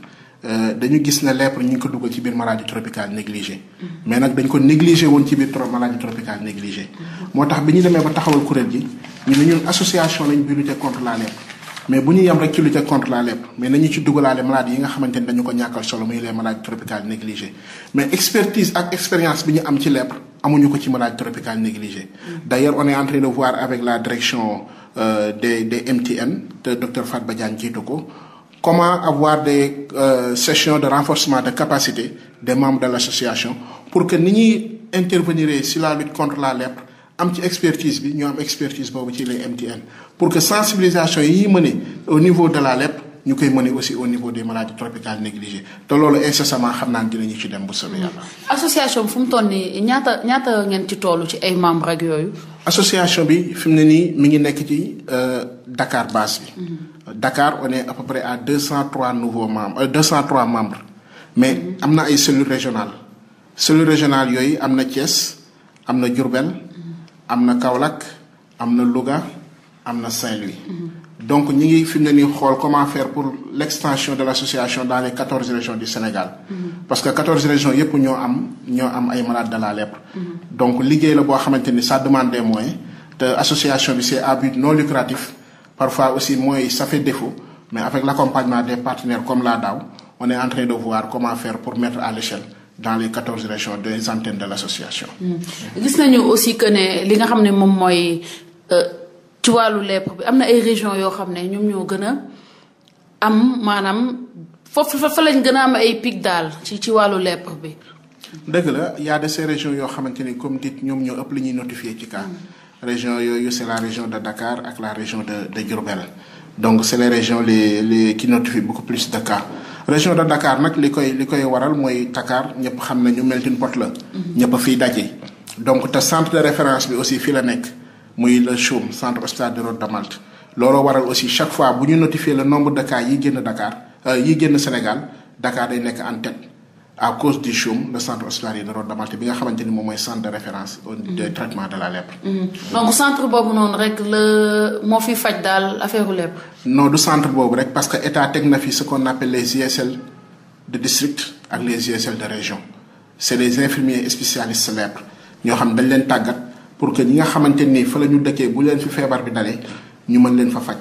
euh, dañu gis ne lèpre ñu ngi ko dugal ci biir maladie tropicale négligée. Mm-hmm. mais nag dañ ko négligé woon ci biir trop maladie tropicale négligée. Mm-hmm. moo tax bi ñu demee ba taxawal kuréel gi ñu ne ñun association lañ bi lutter contre la lèpre. mais bu ñu yem rek ci lutter contre la lèpre mais nañu ci dugalaale maladies yi nga xamante ni dañu ko ñàkkal solo muy les maladies tropicales négligées mais expertise ak expérience bi ñu am ci lèpre amuñu ko ci maladies tropicales négligées d'ailleurs on est en train de voir avec la direction euh, des des MTN te docteur Fatba Diagne jiitu ko comment avoir des euh, sessions de renforcement de capacité des membres de l'association pour que ni ñuy intervenir si la lutte contre la lèpre am ci expertise bi ñu am expertise boobu ci les MTN pour que sensibilisation yi mëne au niveau de la LEP ñu koy mëne aussi au niveau des maladies tropicales négligées te loolu incessamment xam naa ñu ci dem bu soobee yàlla. association bi fu mu nii ñaata ñaata ngeen ci toll ci ay membres ak yooyu. association bi fi mu ne nii mi ngi nekk ci euh, Dakar base bi. Mm-hmm. Dakar on est à peu deux cent trois nouveaux membres euh, deux cent trois mais mm-hmm. am na ay cellules régional cellules régionales yooyu am na Thiès am na Diourbel mm-hmm. am na Kaolack am na Louga. am na saint donc ñi ngi fi ne nii xool comment faire pour l' extension de l' association dans les quatorze régions du Sénégal. parce que quatorze régions yëpp ñoo am ñoo am ay malades de la lèpre. donc liggéey la boo xamante ni ça demande des te association bi c' est à but non lucratif parfois aussi mooy ça fait mais avec l' accompagnement des partenaires comme la DAW on est en train de voir comment faire pour mettre à l'échelle dans les quatorze régions de l' mm. li nga xam ne ci wàllu lèpre bi am na ay région yoo xam ne ñoom ñoo gën a am maanaam foofu fa lañ gën a am ay pic daal ci ci wàllu lèpre bi. dëgg la y de ces régions yoo xamante ni comme dit ñoom ñoo ëpp li ñuy notifié ci cas. Mm. région yooyu c'est la région de Dakar ak la région de de Diourbel donc c'est les régions les les qui notifient beaucoup plus de cas région de Dakar nag li koy li koy waral mooy Dakar ñëpp xam ne nañu melting pot la. Mm-hmm. ñëpp a fiy daje. donc te centre de référence bi aussi fii la nekk. muy le CHUM centre hospitalier de de Malte looloo waral aussi chaque fois bu ñu notifier le nombre de cas yi génn Dakar euh, yi génn Sénégal Dakar day nekk en tête à cause du CHUM le centre hospitalier de Rode de Malte bi nga xamante ni moom mooy centre de référence. Mhm. de traitement de la lèpre. Mhm. donc centre boobu noonu rek la moo fi faj daal affaire lèpre. non du centre boobu rek parce que état teg na fi su qu'on appelle les ISL de district ak les région c'est les infirmiers spécialistes lèpre ñoo xam dañ leen tàggat. pour que ñi nga xamante ni fa la ñu dëkkee bu leen fi feebar bi dalee ñu mën leen fa faj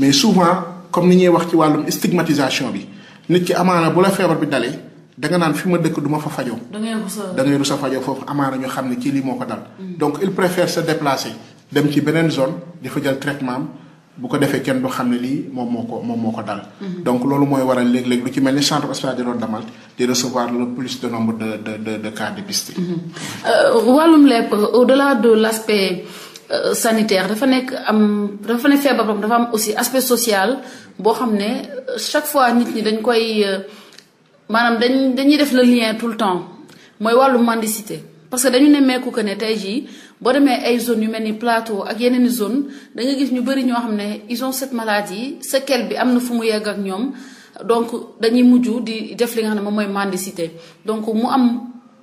mais souvent comme ni ñuy wax ci wàllum stigmatisation bi nit ki amaana bu la feebar bi dalee danga naan fi ma dëkk duma fa fajoo. da ngay rus a da ngay rus a fajoo foofu amaana ñu xam ne kii lii moo ko dal. Mm. donc il préfère se déplacer dem ci beneen zone di fa jël traitement bu ko defee kenn du xam ne lii moom moo ko moom moo ko dal. Mhm. donc loolu mooy waral léeg-léeg lu ci mel ni centre hospitalier Rond de Malte di recevoir le plus de nombre de de de de mhm. euh, wàllum lépp au-delà de l'aspect euh, sanitaire dafa nekk am dafa nekk feebar dafa am aussi aspect social boo xam ne euh, chaque fois nit ñi dañ koy maanaam dañ dañuy def le lien tout le temps mooy wàllu mendicité. parce que dañu nemmeeku que ne tey jii boo demee ay zones yu mel ni plateau ak yeneen zone da gis ñu bëri ñoo xam ne ison ont cette maladie séquelle bi am na fu mu yegg ak ñoom donc dañuy mujj di def li nga xam ne moom mooy mendicité donc mu am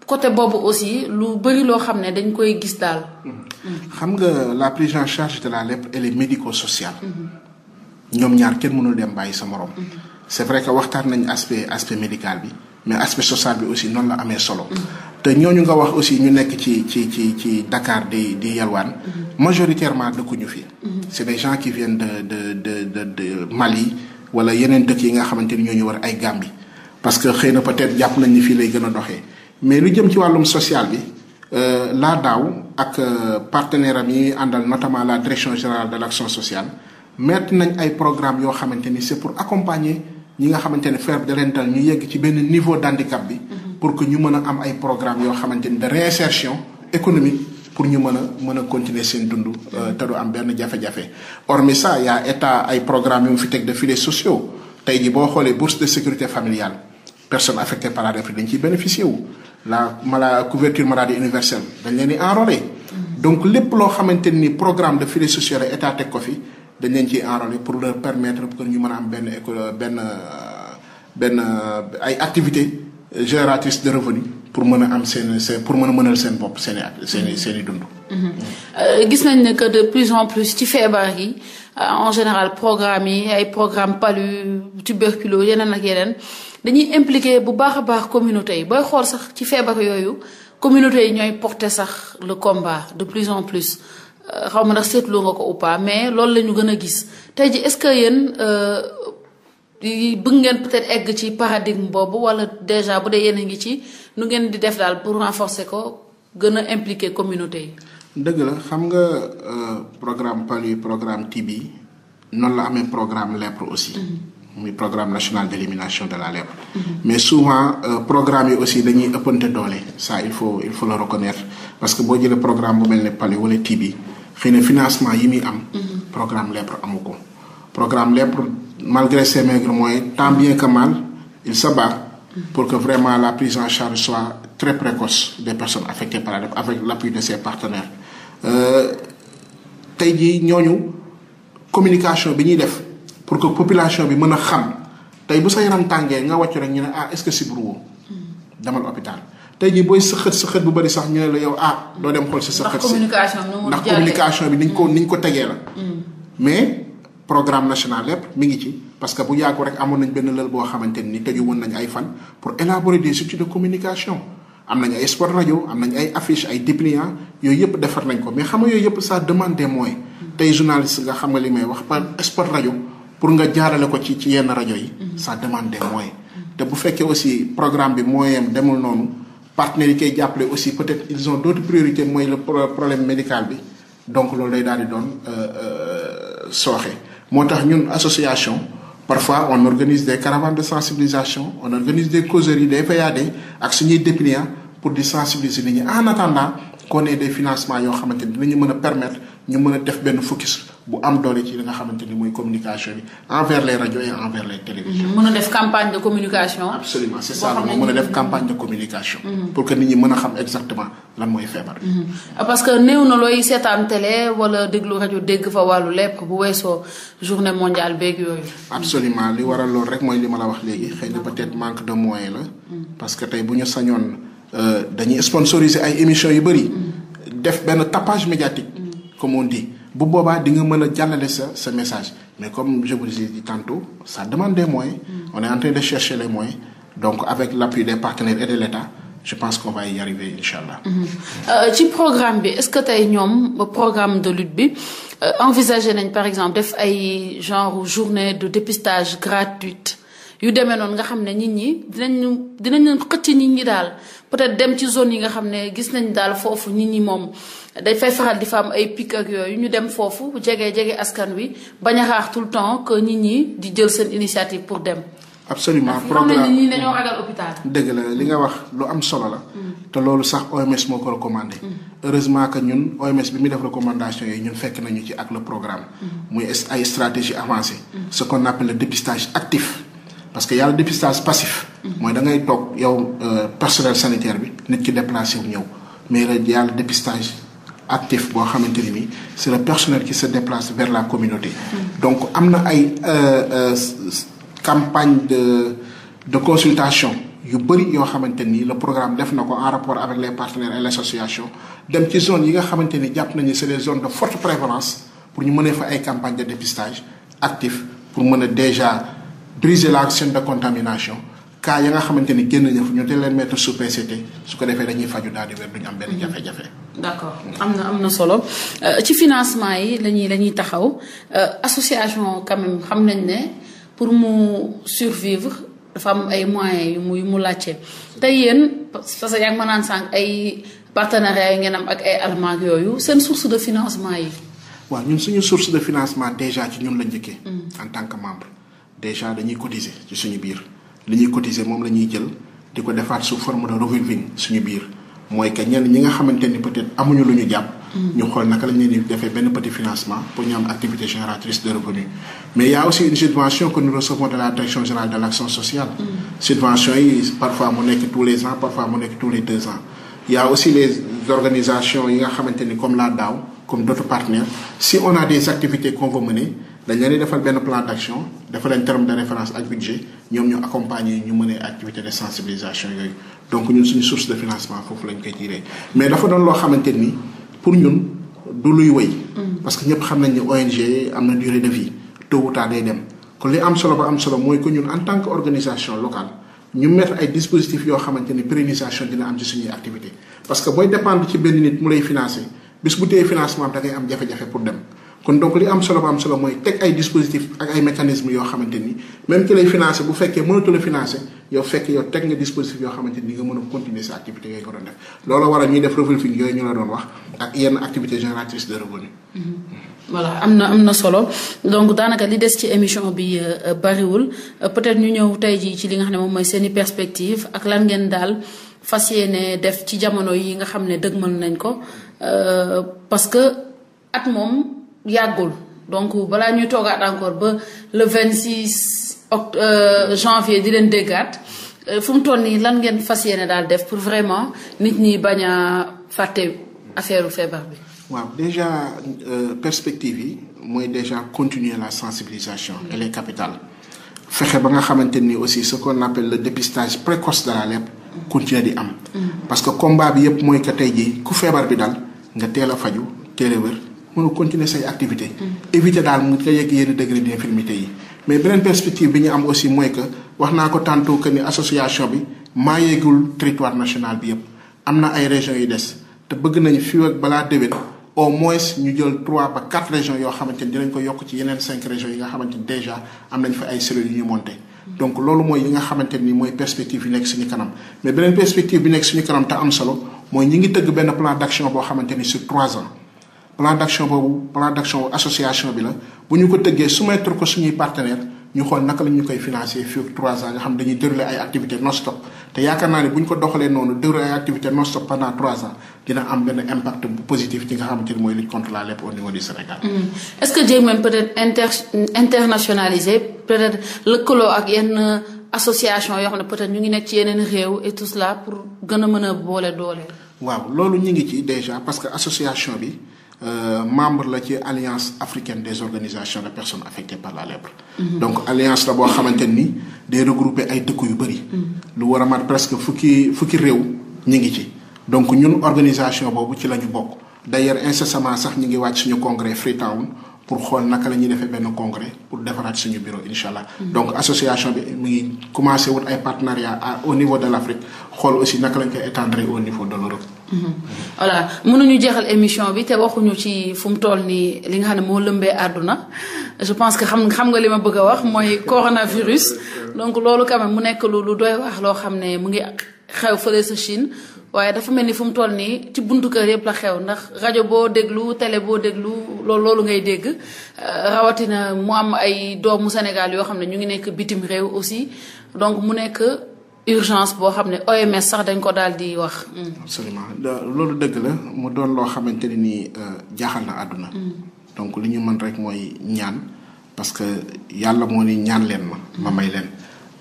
côté boobu aussi lu bëri loo xam ne dañ koy gis daal. Mm-hmm. xam nga la prise en charge de la lèpre elle est médico-sociale. Mm-hmm. ñoom ñaar kenn mënul dem bàyyi sa morom. Mm-hmm. c'est vrai que waxtaan nañ aspe aspect médical bi mais aspect social bi aussi noonu la amee solo. te ñooñu nga wax aussi ñu nekk ci ci ci ci Dakar di di yalwaan mm-hmm. majoritairement dëkkuñu fi. Mm-hmm. c'est des gens qui viennent de de de de de Mali wala yeneen dëkk yi nga xamante ni ñoo ñu war ay Gambie parce que xëy na peut-être jàpp nañu ni fii lay gën a doxee mais lu jëm ci wàllum social bi euh, laa daaw ak euh, partenaire am yi àndal notamment la direction générale de l'action sociale mettre nañ ay programme yoo xamante ni c'est pour accompagner ñi nga xamante ne feebar da ñu yegg ci benn niveau d'handicap bi. Mm-hmm. pour que ñu mën a am ay programme yoo xamante ni de réinsertion économique pour ñu mën a mën a continuer seen dundu euh, te du am benn jafe-jafe hormis ça y a état ay programme yu mu fi teg de filets sociaux tey ji boo xoolee bourse de sécurité familiale personne affectée par la retraite dañ ciy bénéficier wu la mala couverture maladie universelle dañ leen di enrôler donc lépp loo xamante ni programme de filet social la état teg ko fi dañ leen ci enrôler pour leur permettre pour ñu mën a am benn école euh, benn euh, benn ay activité génératrice de revenu pour mën a am seen seen pour mën a mënal seen bopp seen i seen i mm-hmm. seen mm-hmm. euh, gis nañ ne que de plus en plus ci feebar yi euh, en général programme yi ay programme palu tuberculose yeneen ak yeneen dañuy impliqué bu baax a baax communauté yi booy xool sax ci feebar yooyu communauté yi ñooy porté sax le combat de plus en plus euh, xaw ma ndax seetlu nga ko ou pas mais loolu la ñu gën a gis tey ji est bëgg ngeen peut-être egg ci paradigme boobu wala déjà bu dee yéen ngi ci nu ngeen di def daal pour renforcer ko gën a impliquer communauté yi. dëgg la xam nga euh, programme PALU programme TB noonu la amee programme lèpre aussi. Mhm. muy programme national d'élimination de la lèpre. Mhm. mais souvent euh, programme yi aussi dañuy ëppante doole ça il faut il faut le reconnaître parce que boo jëlee programme bu mel ne PALU wala TB xëy financement yi muy am. Mhm. programme lèpre ko programme lèpre. malgré ses maigres moyens tant bien que mal il se bat pour que vraiment la prise en charge soit très précoce des personnes affectées par la DEP avec l'appui de ses partenaires euh, tey jii ñooñu communication bi ñuy def pour que population bi mën a xam tey bu sa yaram tàngee nga wàccu rek ñu ne ah est-ce que sibru woo demal hôpital tey jii booy sëqët sëqët bu bari sax ñu ne la yow ah doo dem xool si sëqët si ndax communication bi niñ ko niñ ko tegee la mm. programme national lépp mi ngi ci parce que bu yàggu rek amoon nañ benn lël boo xamante ni tëju woon nañ ay fan pour élaborer des outils de communication am nañ ay spot rajo am nañ ay affiche ay dépliant yooyu yëpp defar nañ ko mais xam nga yooyu yëpp sa demande des moyens tey journaliste nga xam nga li may wax par spot rajo pour nga jaarale ko ci ci yenn rajo yi ça demande des moyens te bu fekkee aussi programme bi moyen demul noonu partenaires yi koy jàppale aussi peut-être ils ont d'autres priorités mooy le bi donc loolu day daal di doon euh, euh, sooxe moo tax ñun association parfois on organise des caravanes de sensibilisation on organise des day des PAD ak suñuy dépliants pour di sensibiliser nit ñu en attendant qu'on ait des financements yoo xamante ni ñu mën a permettre ñu mën a def benn focus bu am doole ci li nga xamante ni mooy communication bi envers les rajo et envers les télévisions. mën a def campagne de communication. absolument c'est ça moom mën a def campagne de communication. Mm-hmm. pour que nit ñi mën a xam exactement lan mooy feebar bi. Mm-hmm. parce que néew na looy seetaan télé wala déglu rajo dégg fa wàllu lépp bu weesoo journée mondiale beeg yooyu. absolument li waral lool rek mooy li ma la wax léegi xëy na peut-être manque de moyens la. Mm-hmm. parce que tey bu ñu sañoon euh, dañuy sponsoriser ay émission yu bëri. def benn tappage médiatique comme on dit. bu boobaa di nga mën a jàllale sa sa message mais comme je vous l'ai dit tantôt ça demande des moyens. Mm. on est en train de chercher les moyens donc avec l'appui des partenaires et de l'État je pense qu'on va y arriver incha allah. Mm-hmm. Euh, ci programme bi est-ce que tey ñoom programme de lutte bi euh, envisagé nañ par exemple def ay genre journée de dépistage gratuite. yu demee noonu nga xam ne nit ñi dina dinañu dinañu xëcc nit ñi daal peut-être dem ci zone yi nga xam ne gis nañ daal foofu nit ñi moom dañ fay faral di fa am ay yooyu ñu dem foofu jege jege askan wi bañ a xaar tout le temps que nit ñi di jël seen initiative pour dem. absolument programme ñi dañoo ragal hôpital. dëgg la li nga wax lu am solo la. Mm. te loolu sax OMS moo ko recommandé. Mm. heureusement que ñun OMS bi muy def recommandation yi ñun fekk nañu ci ak le programme. Mm. muy ay stratégie avancée. ce qu'on appelle le dépistage actif. parce que yàlla a le dépistage passif. mooy da ngay toog yow euh, personnel sanitaire bi nit ki déplacé wu ñëw mais y a le dépistage actif boo xamante ni bii c'est le personnel qui se déplace vers la communauté. Mm. donc am na ay euh, euh, campagne de de consultation. yu bëri yoo xamante ni le programme def na ko en rapport avec les partenaires et l'association dem ci zone yi nga xamante ni jàpp nañu c'est les zones de forte prévalence pour ñu mënee fa ay campagnes de dépistage actif pour mën a déjà briser la chaîne de contamination cas ya nga xamante ni génn ñëf ñu te leen mettre sous PCT su ko defee dañuy faju daal di wér duñu am benn jafe-jafe. d'accord am na am na solo euh, ci financement yi lañuy lañuy taxaw euh, association quand xam nañ ne pour mu survivre dafa am ay moyens yu mu yu mu laajte tey yéen parce que yaa ngi sànq ay partenariat yi ngeen ak ay allemand yooyu seen source de financement yi. waa ñun suñu source de financement déjà ci ñun la njëkkee. Hmm. en tant que membre. déjà dañuy cotiser ci suñu biir li ñuy cotiser moom la ñuy jël di ko defaat su forme de revolving suñu biir mooy que ñenn ñi nga xamante ni peut-être amuñu lu ñu jàpp. Mm. ñu xool naka lañ leen defee benn petit financement pour ñu am activité génératrice de revenu mais y a aussi une subvention que nous recevons de la direction générale de l'action sociale. Mm. subvention yi parfois mu nekk tous les ans parfois mu nekk tous les deux ans. y a aussi les organisations yi nga xamante ni comme la DAO comme d'autres partenaires si on a des activités qu'on dañ leen di defal benn plan d'action defal leen terme de référence ak budget ñoom ñu accompagner ñu mënee activité de sensibilisation yooyu donc ñun suñu source de financement foofu lañ koy tiré mais dafa doon loo xamante ni pour ñun du luy wéy. Mm. parce que ñëpp xam nañ ni ONG am na durée de vie tôt ou tard day dem kon li am solo ba am solo mooy que ñun en tant que organisation local ñu mettre ay dispositifs yoo xamante ni pérennisation dina am ci suñuy activité parce que booy dépendre ci benn nit mu lay financer bis financement da am jafe pour dem. kon donc li am solo am solo mooy teg ay dispositifs ak ay mécanismes yoo xamante ni même ki bu fekkee mënatu financé yow fekk yow teg nga dispositif yoo xamante ni nga mën a continuer a ñuy def revolving yooyu ñu la doon wax ak yenn activité génératrice mm-hmm. am na am na solo donc daanaka li des ci émission bi euh, bariwul euh, peut-être ñu ñëw tey jii ci li nga xam ne moom mooy seen i perspective ak lan ngeen daal fas yéene def ci jamono yi nga xam ne dëgmal nañ ko euh, parce que at moom yàggul donc balaa ñuy toogaat encore ba le 26 oct euh, janvier di leen déggaat euh, fu mu toll nii lan ngeen fas yéene daal def pour vraiment nit ñi bañ a fàtte affaire feebar bi. waaw déjà euh, perspective yi mooy déjà continuer la sensibilisation mm. elle est capitale fexe ba nga xamante ni aussi ce qu'on appelle le dépistage précoce de la lèpre mm. continuer di am. Mm. parce que yëpp mooy que tey jii ku feebar bi dal nga teel a faju teel wér. mën a continuer say activité mm. éviter daal mu nga yegg yenn degré d'infirmité yi mais beneen perspective bi ñu am aussi mooy que wax naa ko tantôt que ni association bi maa yeegul territoire national bi yëpp am na ay régions yu des te bëgg nañu fii ak balaa déwén au moins ñu jël trois ba quatre régions yoo xamante ni dinañ ko yokk ci yeneen cinq régions yi nga xamante ni déjà am nañ fa ay cellules yu ñu monté mm. donc loolu mooy li nga xamante ni mooy perspective yi nekk suñu kanam mais beneen perspective plan d'action boobu plan d'action association bi la bu ñu ko tëggee soumettre ko suñuy partenaire ñu xool naka la ñu koy financer fii ak trois ans nga xam dañuy dérouler ay activités non stop te yaakaar naa ne bu ñu ko doxalee noonu dérouler ay activités non stop pendant trois ans dina am benn impact bu positif ci nga xamante ni mooy lutte contre la lèpre au niveau du Sénégal. Hmm. que jéem a peut-être inter internationaliser peut lëkkaloo ak yenn association yoo xam ne peut-être ñu ngi nekk ci yeneen réew et tout cela pour gën a mën a boole doole. waaw loolu ñu ngi ci déjà parce que association bi. Euh, membre la ci alliance africaine des organisations de personnes affectées par la lèpre. Mhm. donc alliance la boo xamante ni day regrouper ay dëkk yu bëri. Mhm. lu war a mat presque fukki fukki réew ñu ngi ci. donc ñun organisation boobu ci la ñu bokk d'ailleurs incessamment sax ñu ngi wàcc suñu congrès Freetown pour xool naka la ñuy defee benn congrès pour defaraat suñu bureau incha allah. Mhm. donc association bi mu ngi commencé wut ay partenariat au niveau de l'Afrique xool aussi naka lañ koy au niveau de Mm-hmm. voilà ñu jeexal émission bi te waxuñu ci fu mu toll nii li nga xam ne moo lëmbee àdduna je pense que xam xam nga li ma bëgg a wax mooy coronavirus. donc loolu quand même mu nekk lu lu doy wax loo xam ne mu ngi xew fële sa Chine waaye dafa mel ni fu mu toll nii ci buntu kër yëpp la xew ndax rajo boo déglu tele boo déglu loolu loolu ngay dégg euh, rawatina mu am ay doomu Sénégal yoo xam ne ñu ngi nekk bitim réew aussi donc mu nekk. urgence boo xam ne OMS sax dañ ko daal di wax. absolument loolu dëgg la mu doon loo xamante ne nii euh, jaaxal na àdduna. Mm. donc li ñu mën rek mooy ñaan parce que yàlla moo ni ñaan leen ma ma may leen.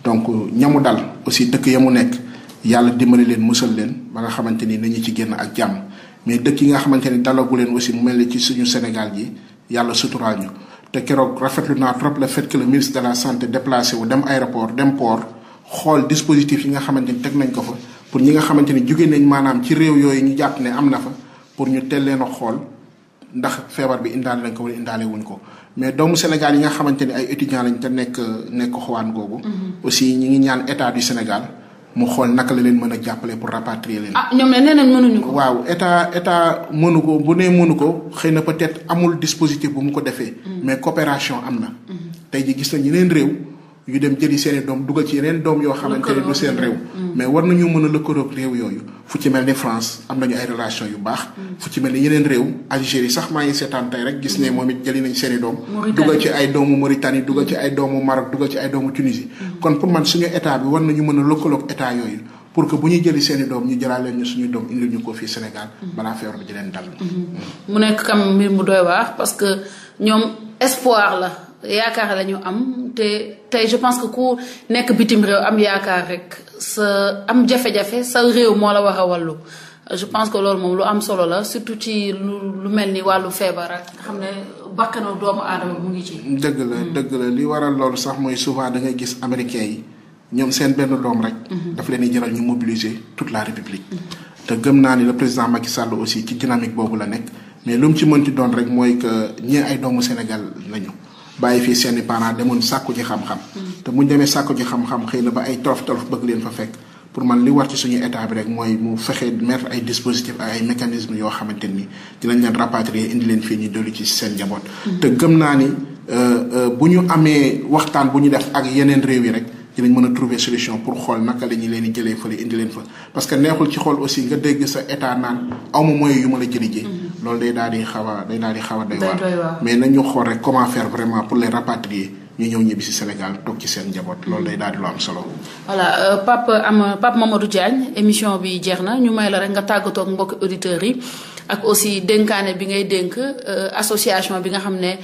donc ñamu dal aussi dëkk ya mu nekk yàlla dimbali leen musal leen ba nga xamante ni nañu ci génn ak jàmm mais dëkk yi nga xamante ni dalagu leen aussi mu mel ni ci suñu Sénégal gi yàlla suturaal ñu te keroog rafetlu naa trop le fait que le ministre de la santé déplacé wu dem aéroport dem port. xool dispositif yi nga xamante ni teg nañ ko fa pour ñi nga xamante ni jóge nañ maanaam ci réew yooyu ñu jàpp ne am na fa pour ñu teel leen xool ndax feebar bi indaale nañ ko wala wuñ ko mais doomu Sénégal yi nga xamante ni ay étudiants lañ te nekk nekk xawaan googu. Mm-hmm. aussi ñi ngi ñaan état du Sénégal mu xool naka la leen mën a jàppale pour rapatrier leen. ah ñoom nee nañ mënuñu ko. waaw état état mënu ko bu nee mënu ko xëy na peut-être amul dispositif bu mu ko defee. Mm-hmm. mais coopération am na. Mm-hmm. tey ji gis nañ yeneen réew. yu dem jëli seen i doom dugal ci yeneen doom yoo xamante a lëkkaloog ci ay relation yu mm. mm. dugal ci ay doomu Mauritanie dugal ci mm. ay doomu Maroc dugal ci ay doomu Tunisie kon pour man suñu état bi war nañu mën a lëkkaloog état yooyu pour que bu ñuy jëli seen doom ñu jëlaat suñu doom indil ñu ko fii Sénégal balaa feebar bi di dal mm-hmm. mu nekk kam mu doy waax parce que ñoom espoir la yaakaar la ñu am te tey je pense que ku nekk bitim réew am yaakaar rek sa am jafe-jafe sa réew moo la wax a wàllu je pense que loolu moom lu am solo la surtout ci lu lu mel ni wàllu feebar a xam ne bakkanu doomu aadama mu ngi ci. dëgg la hmm. dëgg la li waral loolu sax mooy souvent da ngay gis américain yi ñoom seen benn doom rek. Hmm. daf leen yi jaral ñu mobiliser tout la république. Hmm. te gëm naa ni le président Macky Sall aussi ci dynamique boobu la nekk mais lu mu ci mënti doon rek mooy que ñii ay doomu Sénégal bàyyi fii seeni parents demoon sàkku ci xam-xam mm. te muñ demee sàkku ci xam-xam xëy na ba ay tolof-tolof bëgg leen fa fekk pour man li war ci suñu état bi rek mooy mu fexe mettre ay dispositifs ay mécanismes yoo xamante ni dinañ leen rapatrier indi leen fii ñu dolli ci seen njaboot mm. te gëm naa ni euh, euh, bu ñu amee waxtaan bu ñu def ak yeneen réew yi rek dinañ mën a trouver solution pour xool naka la ñu leen di jëlee fële indi que neexul ci xool aussi nga dégg sa état naan awma moyen mm-hmm. loolu day daal di xaw a day daal di xaw a doy waar mais nañu xool rek comment faire vraiment pour les rapatrier ñu ñëw ñibbi si Sénégal toog ci seen njaboot loolu day daal di lu am solo. voilà euh, Pape am Pape Mamadou Diagne émission bi jeex na ñu may la rek nga tàggatoo ak mbokki auditeurs yi ak aussi dénkaane bi ngay dénk euh, association bi nga xam ne.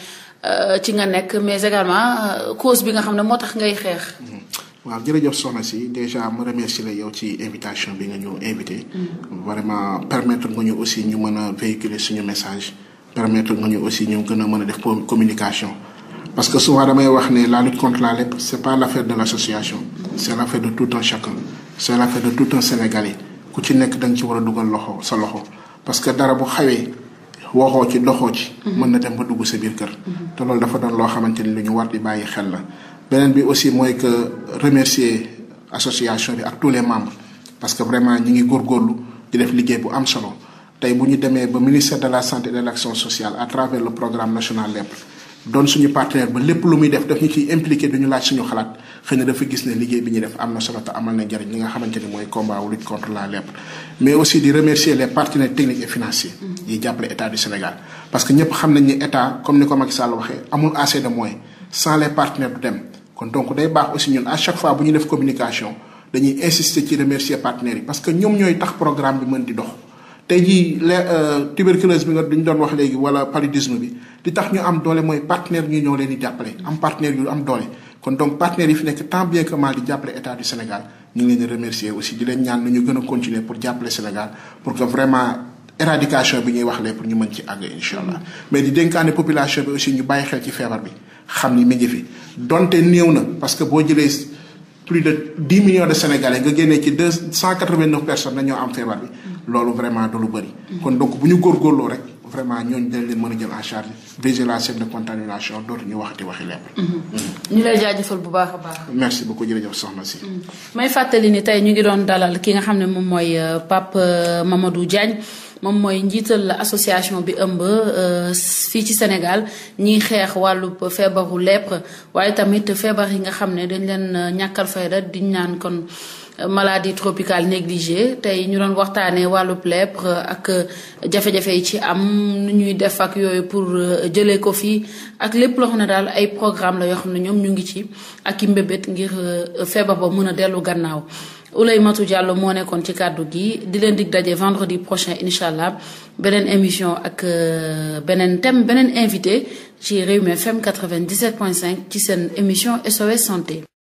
Euh, ci nga nekk mais également euh, cause bi nga xam ne moo tax ngay xeex. Mm-hmm. waaw jërëjëf soxna si déjà ma remercier la yow ci invitation bi nga ñu invité. Mm-hmm. vraiment permettre nga ñu aussi ñu mën a véhiculer suñu message. permettre nga ñu aussi ñu gën a mën a def communication. parce que souvent damay wax ne la lutte contre la lèpre c'est pas l'affaire de l'association. Mm-hmm. c'est l'affaire de tout un chacun. c'est l'affaire de tout un Sénégalais ku ci nekk da ci war a dugal loxo sa loxo parce que dara bu xawee. waxoo ci doxoo ci. Mhm. mën na dem ba dugg sa biir kër. Mhm. te loolu dafa doon loo xamante ni lu ñu war di bàyyi xel na beneen bi aussi mooy que remercier association bi ak tous les membres parce que vraiment ñi ngi góorgóorlu di def liggéey bu am solo tey bu ñu demee ba ministère de la santé et de l'action sociale à travers le programme national lèpre doon suñu partenaire ba lépp lu muy def daf ñu ciy impliqué duñu laaj suñu xalaat xëy na dafa gis ne liggéey bi ñu def am na solo te amal na njëriñ li nga xamante ni mooy combat wu mais aussi di remercier les partenaires techniques et financiers yi jàppale état du Sénégal parce que nañ ni comme ni ko Macky Sall waxee amul assez de moyens sans les partenaires du dem kon donc day à chaque fois bu ñu def communication dañuy insister ci remercier partenaires yi parce que ñoom ñooy tax programme bi mën di dox tey jii le euh, tuberculose bi nga duñ doon wax léegi wala paludisme bi li tax ñu am doole mooy partenaire ñu ñoo leen di jàppale am partenaire yu am doole kon donc partenaire yi fi nekk tant bien que mal di jàppale état du Sénégal ñu leen remercier aussi di leen ñaan nu ñu gën a continuer pour jàppale Sénégal pour que vraiment éradication bi ñuy wax lee pour ñu mën ci àgg incha allah mais di dénkaane population bi aussi ñu bàyyi xel ci feebar bi xam ni mi ngi fi donte néew na parce que boo jëlee plus de 10 millions de Sénégalais nga ci deux cent quatre-vingt-neuf personnes na ñoo loolu vraiment du lu bëri. kon donc bu ñu góorgóorloo rek vraiment ñooñu dañ leen mën a jël en charge végé la chaîne de contamination dootuñu waxati waxi lépp. Mhm. ñu lay jaajëfal bu baax a baax. merci beaucoup jërëjëf soxna si. Mhm. may fàttali ni tey ñu ngi doon dalal ki nga xam ne moom mooy euh, Pape euh, Mamadou Diagne. moom mooy njiital association bi ëmb euh, fii ci Sénégal ñiy xeex wàllu feebaru lèpre waaye tamit feebar yi nga xam ne dañ leen ñàkkal fayda diñ naan kon maladie tropicale négligée tey ñu doon waxtaanee wàllu lèpre ak jafe-jafe yi ci am nu ñuy def ak yooyu pour euh, jëlee ko fii ak lépp loo xam ne daal ay programme la yoo xam ne ñoom ñu ngi ci ak i mbébét ngir euh, feebar ba mun a dellu gannaaw matu Diallo moo nekkoon ci kàddu gi di leen dig daje vendredi prochain incha allah beneen émission ak euh, beneen thème beneen invité ci Rewmi FM cinq ci seen émission SOS santé.